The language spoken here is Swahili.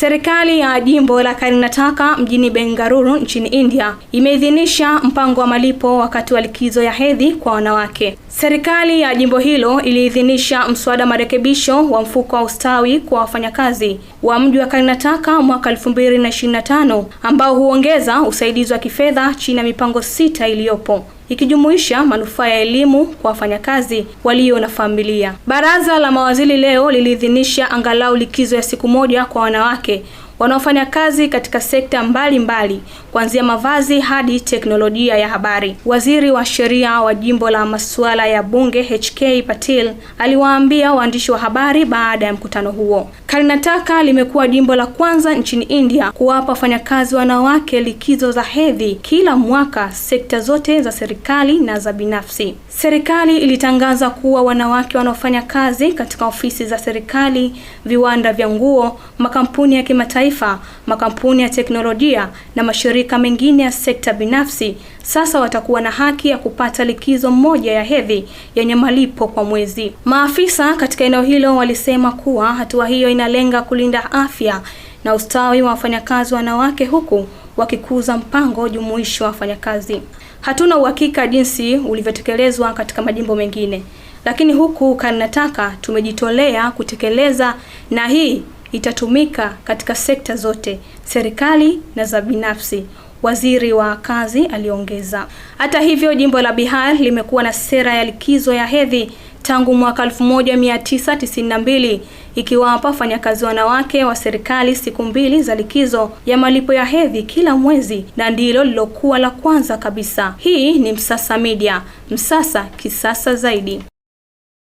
Serikali ya jimbo la Karnataka mjini Bengaluru nchini India imeidhinisha mpango wa malipo wakati wa likizo ya hedhi kwa wanawake. Serikali ya jimbo hilo iliidhinisha mswada marekebisho wa mfuko wa ustawi kwa wafanyakazi wa mji wa Karnataka mwaka 2025 ambao huongeza usaidizi wa kifedha chini ya mipango sita iliyopo ikijumuisha manufaa ya elimu kwa wafanyakazi walio na familia. Baraza la mawaziri leo liliidhinisha angalau likizo ya siku moja kwa wanawake wanaofanya kazi katika sekta mbalimbali kuanzia mavazi hadi teknolojia ya habari. Waziri wa sheria wa jimbo la masuala ya bunge HK Patil aliwaambia waandishi wa habari baada ya mkutano huo. Karnataka limekuwa jimbo la kwanza nchini India kuwapa wafanyakazi wanawake likizo za hedhi kila mwaka, sekta zote za serikali na za binafsi. Serikali ilitangaza kuwa wanawake wanaofanya kazi katika ofisi za serikali, viwanda vya nguo, makampuni ya kimataifa kimataifa, makampuni ya teknolojia na mashirika mengine ya sekta binafsi sasa watakuwa na haki ya kupata likizo moja ya hedhi yenye malipo kwa mwezi. Maafisa katika eneo hilo walisema kuwa hatua hiyo inalenga kulinda afya na ustawi wa wafanyakazi wanawake huku wakikuza mpango jumuishi wa wafanyakazi. Hatuna uhakika jinsi ulivyotekelezwa katika majimbo mengine, lakini huku Karnataka tumejitolea kutekeleza na hii itatumika katika sekta zote, serikali na za binafsi. Waziri wa kazi aliongeza. Hata hivyo, jimbo la Bihar limekuwa na sera ya likizo ya hedhi tangu mwaka 1992 ikiwapa wafanyakazi wanawake wa serikali siku mbili za likizo ya malipo ya hedhi kila mwezi, na ndilo lilokuwa la kwanza kabisa. Hii ni Msasa Media, Msasa kisasa zaidi.